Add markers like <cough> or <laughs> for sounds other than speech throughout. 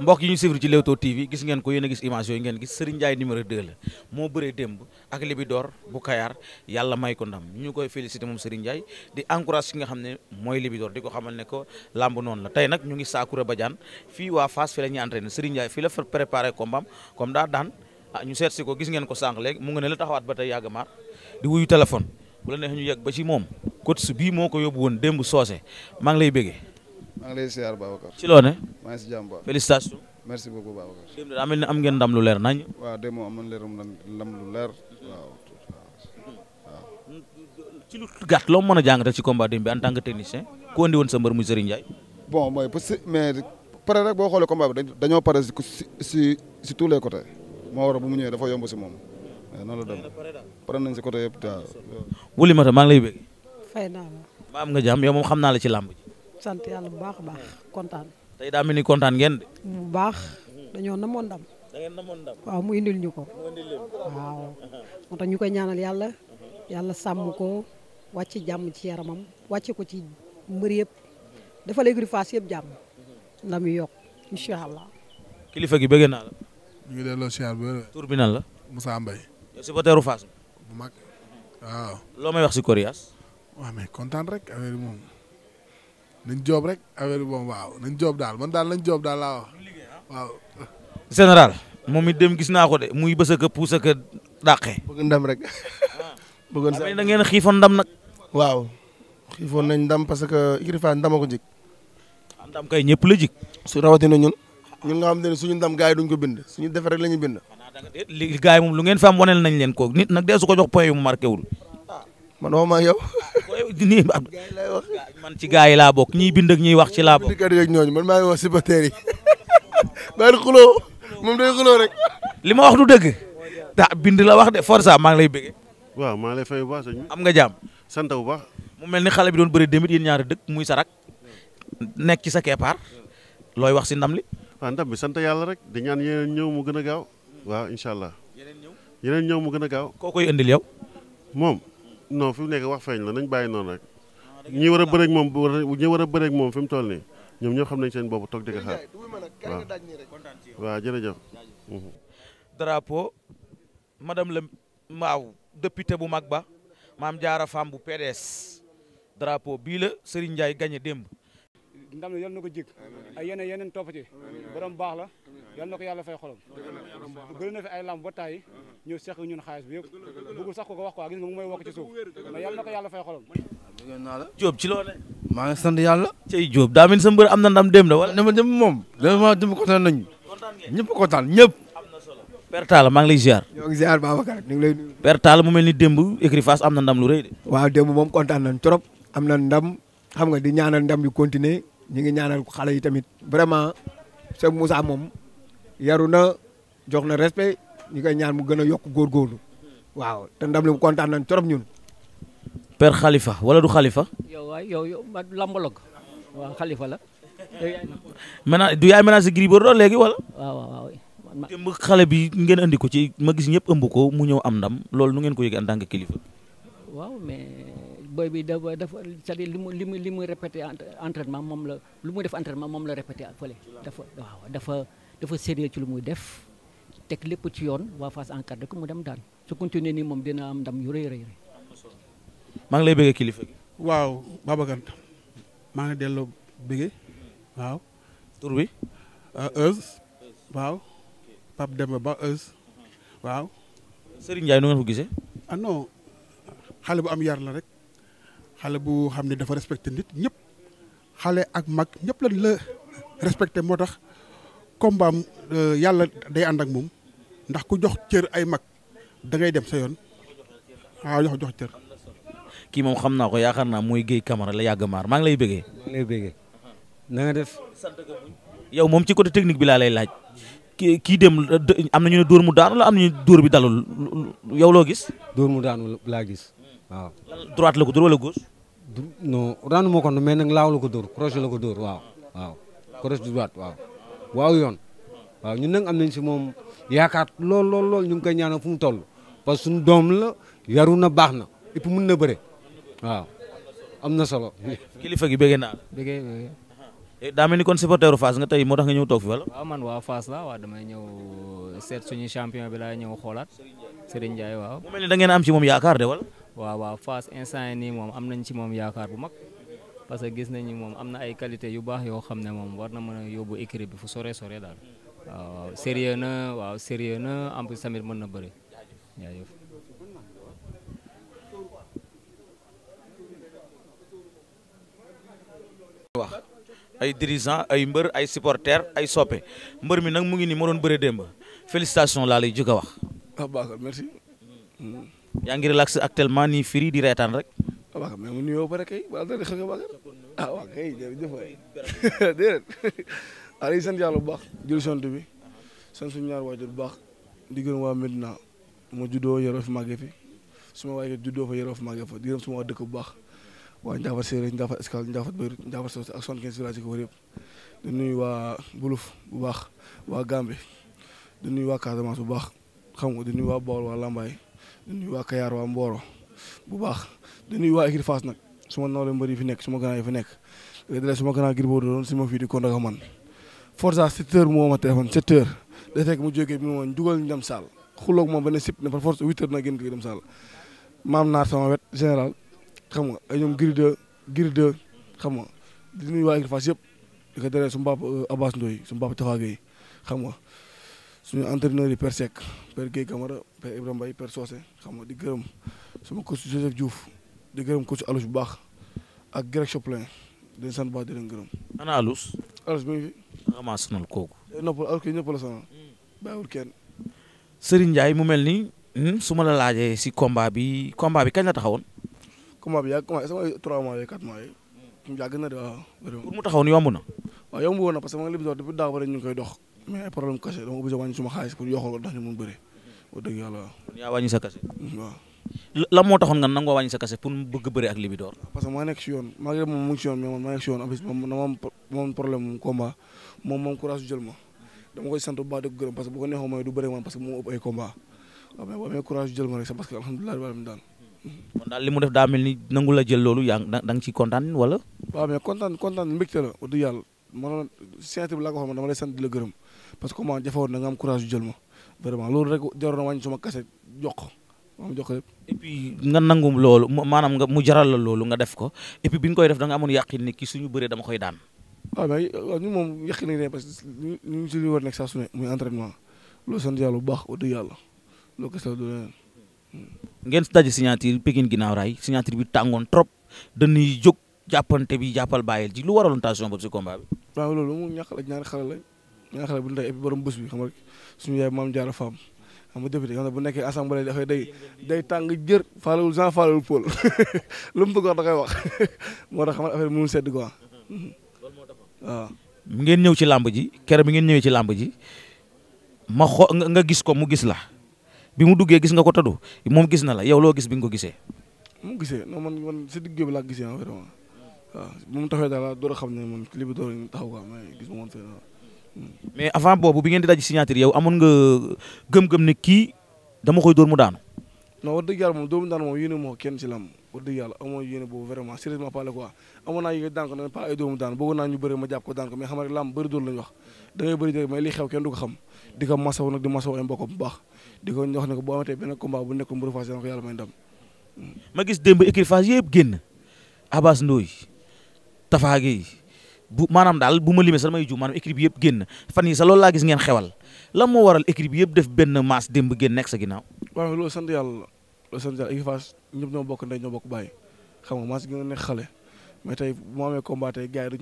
mbokk yi ñu suivre ci gis ngeen ko yéen a gis image yooyu ngeen gis Serigne Ndiaye numéro 2 moo bëree démb ak Libidor bu Kayar yàlla may ko ndam ñu koy félicité moom Serigne Ndiaye di encourage ki nga xam ne mooy Libidor di ko xamal ne ko làmb noonu la tey nag ñu ngi Saakura Badiane fii waa Fass fi la ñuy entraîné Serigne la fa préparé kombaam comme daa daan ah ñu seet si ko gis ngeen ko sànq léegi mu ngi ne la taxawaat ba tey yàgg maar di wuyu téléphone bu la neexee ñu yegg ba ci moom coach bii moo ko yóbbu woon démb soose maa ngi lay bégee maa ngi lay ziar Babacar. ci loo ne. félicitation. am ngeen ndam lu leer nañ. waaw démb am na ndam lu leer waaw. ci lu gàtt loo mën a jàngate ci combat démb bi en tant que technicien ku andi woon sa mbër muy Serigne Ndiaye. bon mooy que mais pare rek boo xoolee combat bi dañoo pare si si si tous les côtés moo waral bu mu ñëwee dafa yomb si moom noonu la dem pare nañ si côté yëpp waaw. Woulimata maa ngi lay bëgg. maa am nga jàmm yow moom xam naa la ci làmb sant yàlla bu baax a baax kontaan. tey daa mel ni kontaan ngeen de. Mm, bu baax dañoo namoon ndam. da namoon ndam. waaw mu indil ñu ko. waaw. moo tax ñu ko ñaanal yàlla. yàlla sàmm ko wàcc jàmm ci yaramam wàcc ko ci mbër yëpp dafa léegi face yëpp jàmm ndam yu yokk incha allah. kilifa gi bëgg naa la. ñu ngi delloo siyaar bu wér. tur bu mag waaw. loo may wax si Coriace. waaw mais kontaan rek nañ joob rek affaire bi moom waaw nañ joob daal man daal nañ joob daal laa wax général moom it dem gis naa ko de muy bës a ka puus a ka dàqe. bëgg ndam rek. <laughs> bëggoon sax da ngeen xiifoon ndam nag. waaw xiifoon nañ ndam parce que Ikrifa ndam ko jik. Ah, ndam kay ñëpp la jik. su rawatina ñun. ñun nga xam ne suñu ndam gars yi duñ ko bind suñu def rek la ñuy bind. li gars yi moom lu ngeen fa am waneel nañ leen kook nit nag dee su ko jox point yu mu marqué wul. man waxuma yow. <laughs> nii man ci gaa yi laa bokk ñiy bind ak wax ci laa bokk. ñooñu man maa ngi wax supporter yi maa <laughs> ngi xuloo moom day xuloo rek. li ma wax du dëgg. daa bind la wax de Forza maa ngi lay bëggee. waaw maa ngi lay fay bu baax am nga jàmm. santa bu baax. mu mel ni xale bi doon bëri demit yéen ñaari dëgg muy sarak nekk ci sa keppaar looy wax si ndam li. waaw ndam bi sant yàlla rek di ñaan yeneen ñëw mu gën a gaaw. waaw incha allah yeneen ñëw mu gën a gaaw. koo ko indil yow. non fi mu nekk wax feeñ la nañ bàyyi noonu rek ah, ñi war a bëreeg moom ñi war a bëreeg moom fi mu toll nii ñoom ñoo xam nañ seen bopp toog di ko xaar waaw waaw jërëjëf. drapeau madame la maw député bu mag ba maam jaara femme bu PDS drapo bii la Serigne Ndiaye gagné démb. ndam la yal na ko jig ay yeneen yeneen topp ci baax la. yàlla na ko yàlla fay xolam gën na fi ay lamb ba tàyyi ñëw seq ñun xaalis bi yëpp bëggul sax ko ko wax quoi gis nga mu may wokk ci suuf mais yàlla na ko yàlla fay xolam Diop ci loolu maa ngi sant yàlla cey Diop daa mel am na ndam dem la wala dama dem ni démb écurie Fass am na ndam lu rëy de waaw démb moom kontaan nañ am na ndam xam nga di ñaanal ndam yu continuer ñu ngi ñaanal xale yi tamit vraiment Cheikh Moussa moom yaru na jox na respect ñu koy ñaan mu gën a yokk góor góorlu waaw te ndam li mu kontaan nañ trop ñun. père Khalifa wala du xalifa yow waay yow yow man lambalog waaw Khalifa la. maintenant du yaay menace Gris Bordeaux léegi wala. waaw waaw man démb xale bi ngeen andi ko ci ma gis ñëpp ëmb ko mu ñëw am ndam loolu nu ngeen ko yëgee en tant kilifa. waaw mais boy bi dafa dafa c'est-à-dire li muy li mu li mu répété entraînement moom la lu mu def entraînement moom la répété fële dafa dafa sérieux ci lu muy def teg lépp ci yoon waa Fass encadré ko mu dem daan su continuer nii moom dina am ndam yu rëy rëy. maa ngi lay bëggee kilifa gi. waaw Babacar maa ngi delloo bëggee waaw. tur bi. Euse. waaw Pape Demba Ba Euse. waaw. Serigne Ndiaye nu ngeen ko gisee. ah xale bu am yar la rek xale bu xam ne dafa respecté nit ñëpp xale ak mag ñëpp lan la respecté moo tax. kombaam euh, yàlla day ànd ak moom ndax ku jox cër ay mag dangay ngay dem sa yoon waaw ah, jox jox cër. kii moom xam naa ko yaakaar naa mooy Guèye Camara la yàgg maar maa ngi lay bëggee. maa ngi lay def. yow moom ci côté technique bi laa lay laaj. kii kii dem am nañu ne dóor mu daanu la am nañu dóor bi dalul yow loo gis. dóor mu daanu laa gis waaw. droite la ko dóor wala gauche. non la ko dóor waaw. waaw crochet droite waaw. waaw yoon waaw ñun nag am nañ si moom yaakaar lool lool lool ñu ngi koy ñaanal fu mu toll parce que suñu doom la yaru na baax na ëpp mën na bëre waaw am na solo. kilifa gi bëggee naa la. bëggee bëggee. Eh, daa mel ni kon supporteru Fass nga tey moo tax nga ñëw toog fi wala. waaw man waa Fass la waa damay ñëw euh, set suñu champion bi laa ñëw xoolaat Serigne Ndiaye waaw. mu mel ni da ngeen am ci moom yaakaar de wala. waaw waaw Fass instant yii nii moom am nañ ci moom yaakaar bu mag. parce que gis nañu moom am na ay qualité yu baax yoo xam ne moom war na mën a yóbbu équipe bi fu sore sore daal waaw sérieux na waaw sérieux na en tamit mën na bëri jaajëf wax ay dirigeant ay mbër ay supporter ay soppe mbër mi nag mu ngi nii ma doon bëre démb félicitation laa lay jóg a wax. Ah, merci. yaa ngi relax actuellement nii firi di reetaan rek. waaw mais mu nuyoo ba rek kay waaw dëgg ah, kay jërëjëf waay <laughs> déedéet <laughs> waaye di bu baax jël sant bi sant suñu ñaar waajur bu baax di gërëm waa Medina ma juddoo yoroo fi màggee fi suma waay juddoo fa yoroo fi màggee fa di gërëm suma waa dëkk bu baax waa Ndiaffate Séeréer Ndiaffate Escale Ndiaffate Bayrut Ndiaffate Socé ak soixante-quinze villages ko wër yëpp waa Buluf bu baax waa Gambie di waa Casamance bu baax xam nga di nuyu waa Bawol waa Lambaye di waa Kayar waa Mboro bu baax di nuyu waa écurie Fass nag su ma nawle mbër yi fi nekk su ma grand yi fi nekk dale su ma grand Gris Bordeaux doon si ma fii di kon ak man forza sept heures moo ma téléphone sept heures da fekk mu ma woon jugal wet général xam nga ay ñoom Gris xam nga di nuyu waa écurie Fass yëpp di ko dalee suñu papa euh, Abbas Ndoye suñu papa Tafa Gueye xam nga suñu entraîneur yi Père Seck Père Gueye Camara Père Ibrahima Mbaye Père Socé xam nga di gërëm sama coach Joseph di gërëm coach Alous bu baax ak Greg Choplin di leen sant bu baax di leen gërëm. ana Alous. Alous mi ngi fi. amaa sonal eh, la sonal. Hmm. bàyyiwul mu mel ni. Hmm, su ma la si combat bi combat bi kañ la taxawoon. combat bi yaa combat sama trois na de waaw. pour na. waaw yomb ñu koy dox. mais ay problème caché dama xaalis pour yoxal ndax ñu mun bëre. wax dëgg yàlla waaw. wàññi sa caché. Hmm, lan moo taxoon nga nangoo wàññi sa kase pour mu bëgg bëri ak Libidor. Ah, parce que maa nekk si yoon malgré moom mu ngi si yoon mais man maa nekk si yoon en plus moom moom moom problème mu combat moom moom courage jël ma dama koy sant bu baax di ko gërëm parce que bu ko neexoon mooy du bëri man parce que moo ëpp ay combat waaw ah, mais boo amee courage jël ma rek c'est parce que alhamdulilah rabbil alamin daal. kon daal li mu def daa mel ni nangu la jël loolu yaa da nga ciy kontaan wala. waaw mais kontaan kontaan mbégte la wax dëgg yàlla man séntu bi laa ko waxoon dama lay sant di la gërëm parce que comment jafewoon na nga am courage jël ma vraiment loolu rek jaroon na wàññi suma kase jox moom jox ko yëpp et puis nga nangu loolu maanaam nga mu jaral la loolu nga def ko et bi nga koy def da nga amoon yàqin ki suñu bëree dama koy daan waaw mais waaw ñun moom yàqin nañ ne su ne muy entraînement loolu sant yàlla bu baax wax dëgg yàlla loolu kese la du leneen ngeen daje signature Pikine ginnaaw raay signature bi tàngoon trop dañuy bi jàppal bàyyil ji lu waraloon tension boobu si combat bi waaw loolu mu ñàkk la ñaari xale la ñaari xale bu ñu tey bi suñu yaay maam jaara faam xam nga député yoo ne bu nekkee assemblée dafay day day tàng jër faalul Jean faalul Paul <laughs> lu mu bëgg wax da koy wax <laughs> moo tax xam nga affaire bi mënul sedd quoi <laughs> ngeen ñëw ci làmb ji keroog bi ngeen ñëwee ci làmb ji ma xo nga gis ko mu gis la bi mu duggee gis nga ko tadu moom gis na la yow loo gis bi nga ko gisee. mu gisee non man man si digg bi laa gisee ah vraiment waaw bu mu taxee daal laa door a xam ne man li bi door a taxaw quoi mais gis nga moom fee mais avant boobu bi ngeen di daj signature yow amoon nga gëm-gëm ne kii dama koy dóor mu daanu. non wax dëgg yàlla moom dóor mu daanu moo kenn ci lam wax dëgg yàlla amoo yéene boobu vraiment sérieusement parler naa yéene daan ko pas ay dóor mu daanu bëggoon naa ñu bëri ma jàpp ko daan ko mais xam rek lam bëri dóor lañu wax da ngay bëri dóor mais li ko xam bu baax di ko wax ne ko boo amatee benn combat yàlla may ndam ma gis démb écurie Fass yëpp a Abass Ndoye Tafa Gueye bu maanaam daal bu ma limee sax damay ju maanaam équipe bi yëpp génn fan yi sax loolu laa gis ngeen xewal lan moo waral équipe bi yëpp def benn maas démb génn nekk sa ginnaaw. waaw loolu sant yàlla bokk ndey ñoo bokk bàyyi xam nga maas gi nga nekk xale mais tey bu ma amee combat tey gars la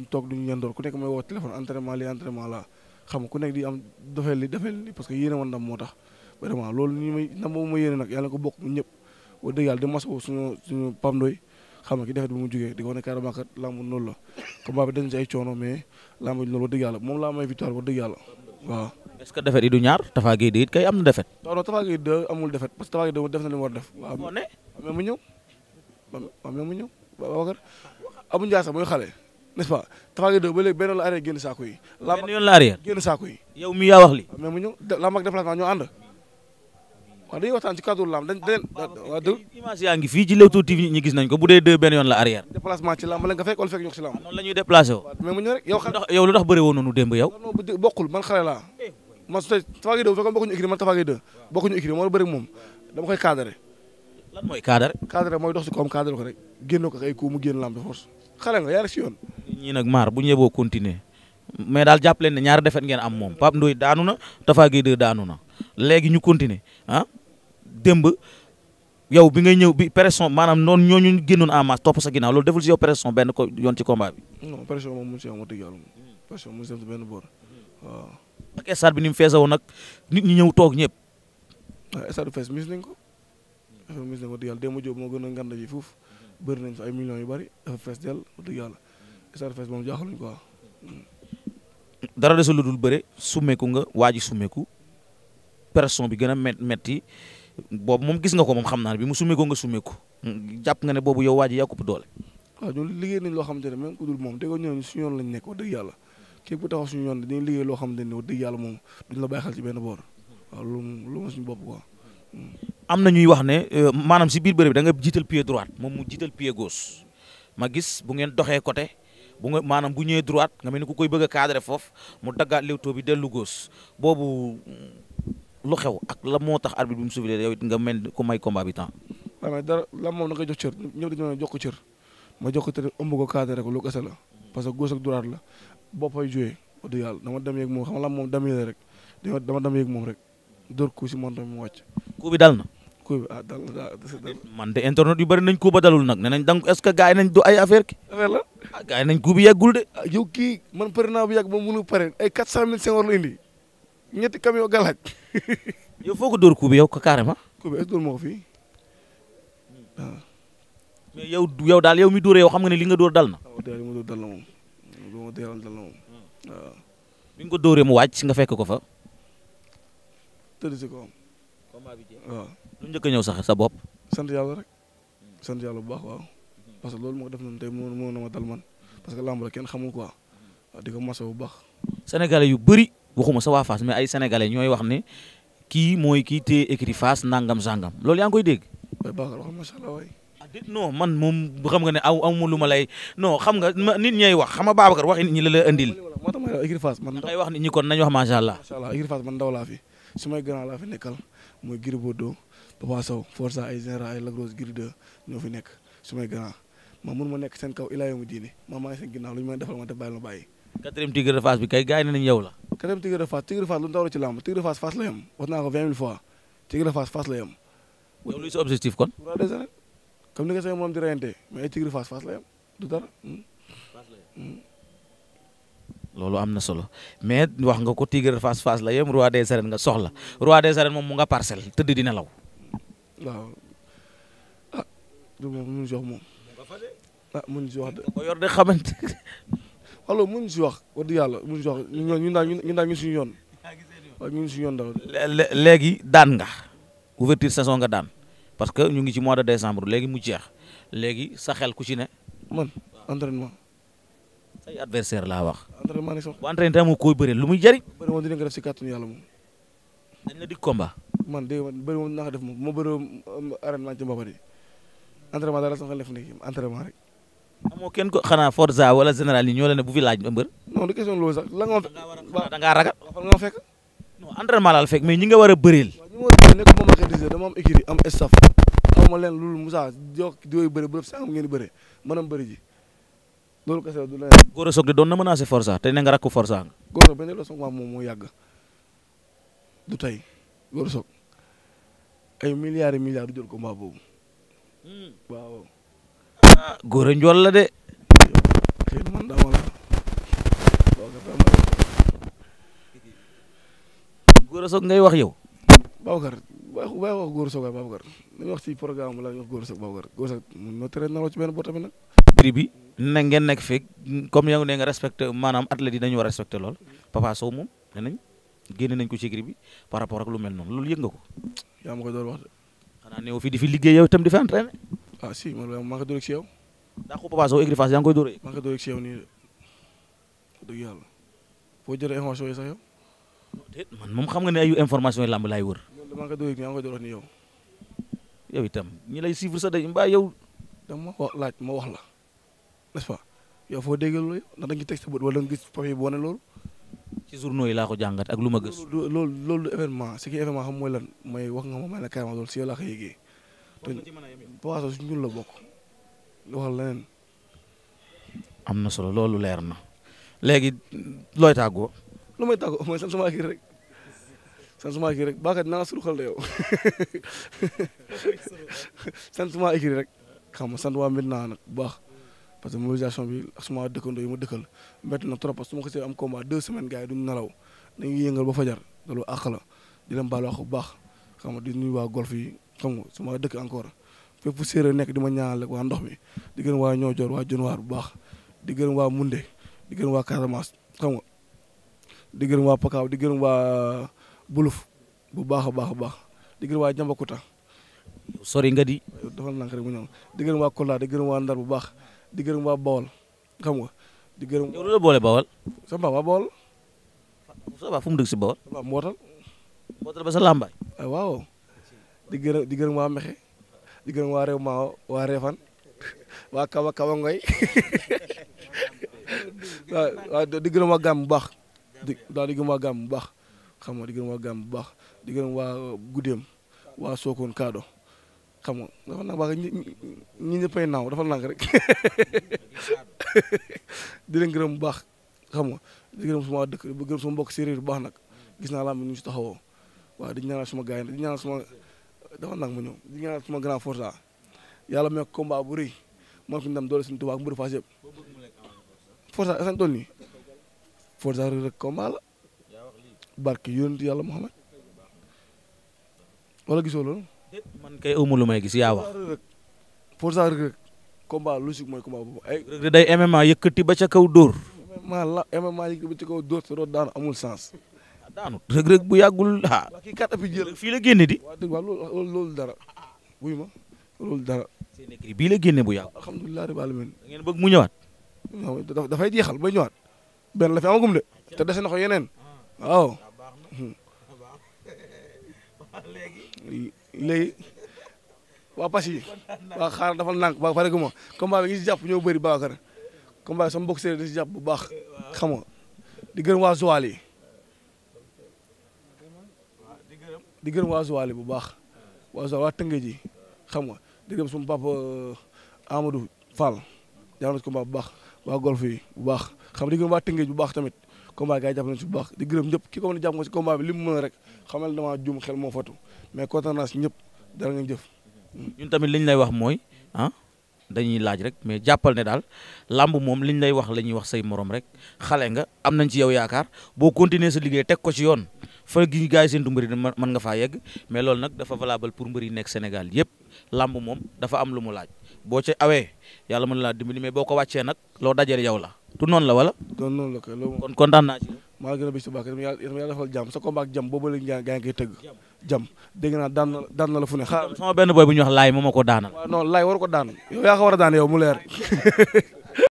parce que yéene woon ndam moo tax vraiment loolu ñu may ndam moom ma yéene nag yàlla ko bokk ñëpp wax dëgg yàlla di mas suñu suñu pam doy xam nga ki defet bi mu jógee di ko wane carrément que lamb noonu la combat bi dañ si coono mais lamb noonu wax dëgg yàlla moom laa may victoire wax dëgg yi du ñaar Tapha Gueye de it kay am na defet mu war def waaw mais mu ñëw waaw mais mu ñëw ba léegi saako yi yoon la arrière génn saako yi yow mi yaa wax li mais mu ñëw lamb ak déplacement ànd waaw dañuy waxtaan ci cadre lamb dañ dañ ah, waaw dëgg image yaa ngi fii ci Leewtoo TV ñi gis nañ ko bu dee deux benn yoon la arrière déplacement ci lamb la nga fekk wala fekk ñu ci lamb ah, noonu la ñuy déplacé woo mais mu ñëw rek yow yow lu tax bëree woon noonu démb yow bokkul man xale laa eh, man su tey tafaagay deux fekkoon bokkuñu écrit man tafaagay deux bokkuñu écrit moo la bëri moom dama koy cadré lan mooy cadré cadré mooy dox ci koom cadré ko rek génn ko ay coup mu génn lamb de force xale nga yaa rek si yoon ñii nag maar bu ñëboo continuer mais daal jàpp leen ne ñaari defet ngeen am moom Pape Ndoye daanu na Tafaagay deux daanu na léegi ñu continuer ah démb yow bi ngay ñëw bi pression maanaam noonu ñooñu génnoon en masse topp sa ginnaaw loolu deful si yow pression benn ko yoon ci combat bi. non pression moom mu si am wax dëgg yàlla bi ni mu feesawoon nag nit ñi ñëw toog ñëpp. waaw ah, stade bi fees mis nañ ko. affaire mis nañ ko wax dëgg yàlla moo gën a nganda ji foofu bëri nañ fa ay million yu bëri dafa fees dell wax dëgg yàlla stade fees moom jaaxaluñ quoi. dara desul lu dul bëre summeeku nga waa ji summeeku. pression bi gën a met metti boobu moom gis nga ko moom xam naa ne bi mu sumee ko nga sumee ko jàpp nga ne boobu yow waa yaa ko doole. waaw ñun liggéey nañ loo xamante ne moom te la bàyyi xel ci benn boor lu ma suñu bopp quoi. am na ñuy wax ne euh, maanaam si biir bëre bi da nga jiital pied droite moom mu jiital pied gauche ma gis bu ngeen doxee côté bu nga maanaam bu ñëwee droite nga mel ni ku koy bëgg a foofu mu daggaat léwtoo bi dellu gauche boobu lu xew ak la moo tax arbitre bi mu soufflé yow it nga mel ku may combat bi temps. waaw moom na koy jox cër ma jox ko te ëmb ko cadré ko lu kese la parce que gauche ak droite la boppay joué wax dëgg yàlla dama dem yeeg moom rek dama dama yeeg moom rek dóor ko ah dal na. man de internet yu bëri nañ coup ba dalul nag nee nañ donc est ce nañ du ay affaire ki. affaire ah, nañ coup bi de. Ah, yow kii man pare naa bu yàgg ba mënu pare ay 400000 la indi ñetti camion galaaj. yow foo ko dóor kubi yow ko carrément. kubi est-ce que ko fii yow daal yow mi dóoree yow xam nga ne li nga door dal na. waaw li ma ma dóor dal nga ko dóoree mu wàcc nga fekk ko fa. tëdd si ko lu njëkk ñëw sax sa bopp. sant yàlla rek sant yàlla bu baax waaw parce que loolu moo def noonu tey moo moo na ma dal man parce que kenn xamul quoi di ko masa bu baax. sénégalais yu bëri waxuma sa waa Fass mais ay sénégalais ñooy wax ne kii mooy kii téye écrit nangam sangam loolu yaa ngi koy dégg. waaye Bakar ah, man moom xam nga ne aw amu lu ma lay non xam nga nit ñay wax xam wax nit ñi la la andil. moo tax ma écrit Fass man. da ngay wax wax macha allah. macha allah écrit Fass man ndaw laa fi su may mooy Gris Bordeaux Papa Sow Forza ay Général ay Lagros Gris 2 fi nekk su ma mun ma nekk seen kaw ilaa yomu diine ma maa ngi seen ginnaaw lu ñu mën defal ma def bàyyi ma bàyyi quatrième Tigre de Fass bi kay gars yi nañu yow la. quatrième Tigre de Fass Tigre Fass la yem wax ko vingt mille fois Tigre de Fass Fass la yem. loolu am na solo mais wax nga ko Tigre de Fass Fass la yem roi des arènes nga soxla roi des arènes moom mu nga parcelle tëdd dina law. ah du ma mun jox moom ah mun jox de. ko yor de xamante. alors mënuñ si wax wax dëgg yàlla mënuñ si wax ñun daal ñun daal ñu suñu yoon waaw ñu suñu yoon dara. léegi daan nga ouverture saison nga daan parce que ñu ngi ci mois de décembre léegi mu jeex léegi sa xel ku ci ne. man entraînement. say adversaire laa wax. entraînement ne sax bu entraîné mu koy bëri lu muy jëriñ. bëri moom dina ko def si kàttanu yàlla moom. dañ la dig combat. man dégg nga bëri moom dinaa ko def moom bu ma bëri um, arène laa ci mbabar yi entraînement daal la sama xel def nekk entraînement rek. amoo kenn ko xanaa Forza wala général yi ñoo la ne bu fi laaj mbër. non du question loolu sax la nga fekk da ngaa nga fekk. non entraînement fekk mais ñi nga war a bëreel. waaw ñi ma war a bëreel nekk moom la xëy dama am écurie am staff aw ma leen loolu Moussa jox yooyu bëri bu def ngeen bëree maanaam bëri ji loolu du leneen. Gora Sock de doon na menacé Forza te ne nga rakku Forza nga. Gora Sock benn la moom moo yàgg du tey Gora Sock ay milliards et milliards du jël combat boobu hmm. góor a njool la de. góor a soog ngay wax yow. Babacar wax wax góor a soog Babacar li ñu wax ci programme bi la ñu wax góor a soog Babacar góor a soog ma tere naroo ci benn bopp tamit nag. prix bi na ngeen nekk fii comme yow ne nga respecté maanaam athlètes yi dañu war a respecté lool Papa Sow moom nee génne nañ ko ci prix bi par rapport ak lu mel noonu loolu yëg nga ko. yaa ma wax de. xanaa ne yow fii liggéey yow itam di fi entraîné. ah si man maa ma koy dóor ak si yow. ko si yow nii de dëgg yàlla foo jëlee information yi sax yow. man moom xam nga ne ayu information yi làmb laay wër. loolu maa ngi koy dóor ak nii yaa ngi koy dóor yow. yow itam ñi wax laaj ma wax la n'est-ce pas foo dégg loolu ndax da nga teg sa bët wala gis papier bu wane loolu. ci journaux yi laa ko jàngat ak lu ma gës. loolu loolu événement ce qui mooy lan mooy wax nga ma may la carrément loolu si laa ko yëgee Papa Sow suñu la bokk waxal leneen. na solo loolu leer na léegi looy tàggoo. lu may tàggoo mooy sant sama kii rek sant sama kii rek baaxat <laughs> bu baax parce que mobilisation bi ak suma dëkkandoo yi ma dëkkal métti na trop parce que su ma xasee am deux semaines gars yi duñ nelaw dañuy yëngal ba fajar loolu àq la di leen baal wax bu baax xam nga di waa golf yi. xam nga ma dëkk encore fépp fu séeréer nekk di ma ñaanal waa ndox mi di gën waa ñoo joor waa junwaar bu baax di gën waa munde di gën waa Casamance xam nga di gërëm waa pakaaw di gërëm waa buluf bu baax a baax a baax di gërëm waa jambakuta sori nga di dafal nank rek mu ñëw di gërëm waa Kolda di gërëm waa Ndar bu baax di gërëm waa Bawol xam nga di gërëm yow la boole Bawol sama papa Bawol fu mu dëkk si Bawol sama mbootal ba sa lambaay waaw di gërëm di gërëm waa Mexe di gërëm waa réew maa waa Réfan waa Kawa Kawa Ngoy <laughs> di gërëm waa Gàmm bu baax di waaw di gërëm waa Gàmm bu baax xam nga di gërëm waa Gàmm bu baax di gërëm waa Guddeem waa Sokone Kado xam nga dafa nag baax ñi ñi naaw dafa nang rek <laughs> di gërëm bu baax xam nga di gërëm suma dëkk di baax nag gis naa laa mi ñu si taxawoo waaw di ñaanal suma gaay di ñaanal suma dafa nag ma ñëw di ñaanal suma grand forza yàlla meek combat bu rëy man ko ndam doole suñu tubaab mburu faas yëpp forza san toll rek rek combat la barke yonent yàlla Muhammad wala gisoo loolu kay amu lu may gis yaa wax rek rek rek combat logique mooy combat boobu rek day MMA yëkkati ba la ba ca kaw dóor sa root daan amul sens daanu rëg bu yàggul ah. kii kat appuis jël fii la génne di. waaw dëgg loolu loolu dara. wuy loolu dara. seen écrit bii la génne bu yàgg. alhamdulilah rabbil alamin. da ngeen bëgg mu ñëwaat. dafay jeexal ba ñëwaat. benn la fi amagum de. te dese na ko yeneen. waaw. Hmm. léegi waa Passy yi waa dafa nànk ba pare gu ma combat bi ngi si ñoo bëri Babacar combat bi sama bokk séeréer di si jàpp bu baax xam di gërëm waa Joal di gërëm waa Joal bu baax waa Joal waa Tëngéej ji xam nga di gërëm suma papa euh, Amadou Fall jaanus combat bu baax waa golf yi bu baax xam nga di gërëm waa Tëngéej bu baax tamit combat gars yi jàpp nañu si baax di ñëpp ki ko mën a jàpp nga si combat bi li mu mën rek xamal damaa juum xel moo fatu mais kontaan naa si ñëpp dara ngeen jëf ñun tamit liñ lay wax mooy ah dañuy laaj rek mais jàppal ne daal làmb moom liñ lay wax la ñuy wax say moroom rek xale nga am nañ ci yow yaakaar boo continuer sa liggéey teg ko ci yoon fa gi ñu gaay seen du mbëri mën nga faa yegg mais loolu nag dafa valable pour mbëri nekk Sénégal yëpp làmb moom dafa am lu mu laaj boo ca awee yàlla man laa dimbali mais boo ko wàccee nag loo dajale yow la tu noonu la wala. doon noonu la kon kontaan naa ci. maa ngi gën a bis bu baax itam yàlla yàlla defal jàmm sa combat ak jàmm koy tëgg jàmm dégg naa daan na la fu ne xaar sama benn boy bu ñu wax laay moo ma ko daanal. waaw non laay ko daan yow yaa ko a daan yow mu leer <laughs>